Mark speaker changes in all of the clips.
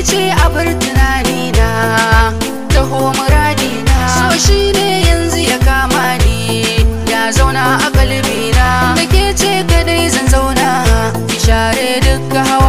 Speaker 1: kai ce abar tunani na taho muradi na so shi ne yanzu ya kama ni ya zauna a kalbi na da ke ce kadai zan zauna ki share duk hawa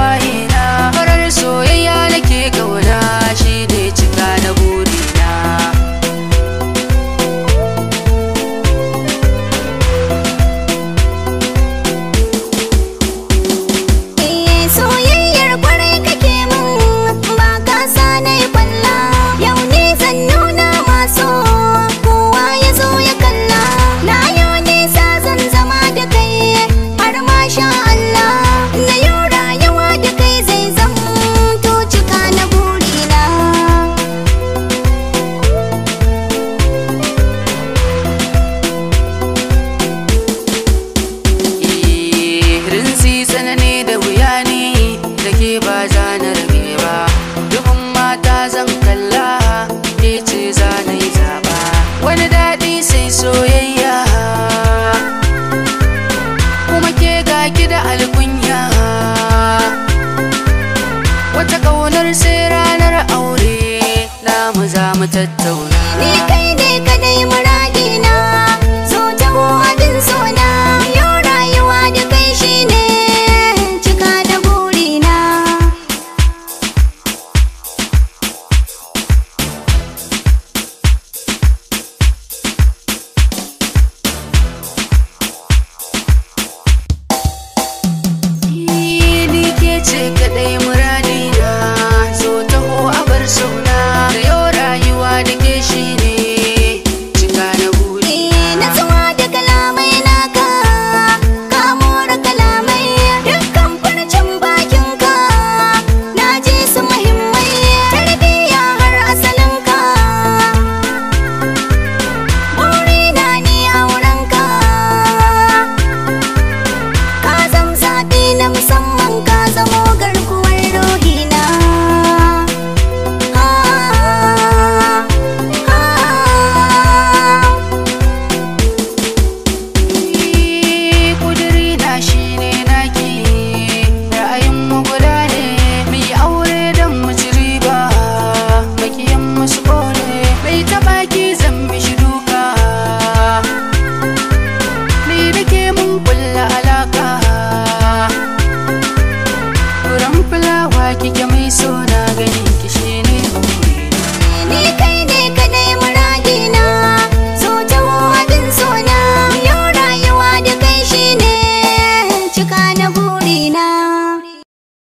Speaker 1: tsanani da wuyani da ke ba za rabe ba dubin mata zan kalla ke ce za wani daɗi sai soyayya kuma ke ga ki da alkunya wata ƙaunar sai ranar
Speaker 2: aure na mu za mu tattauna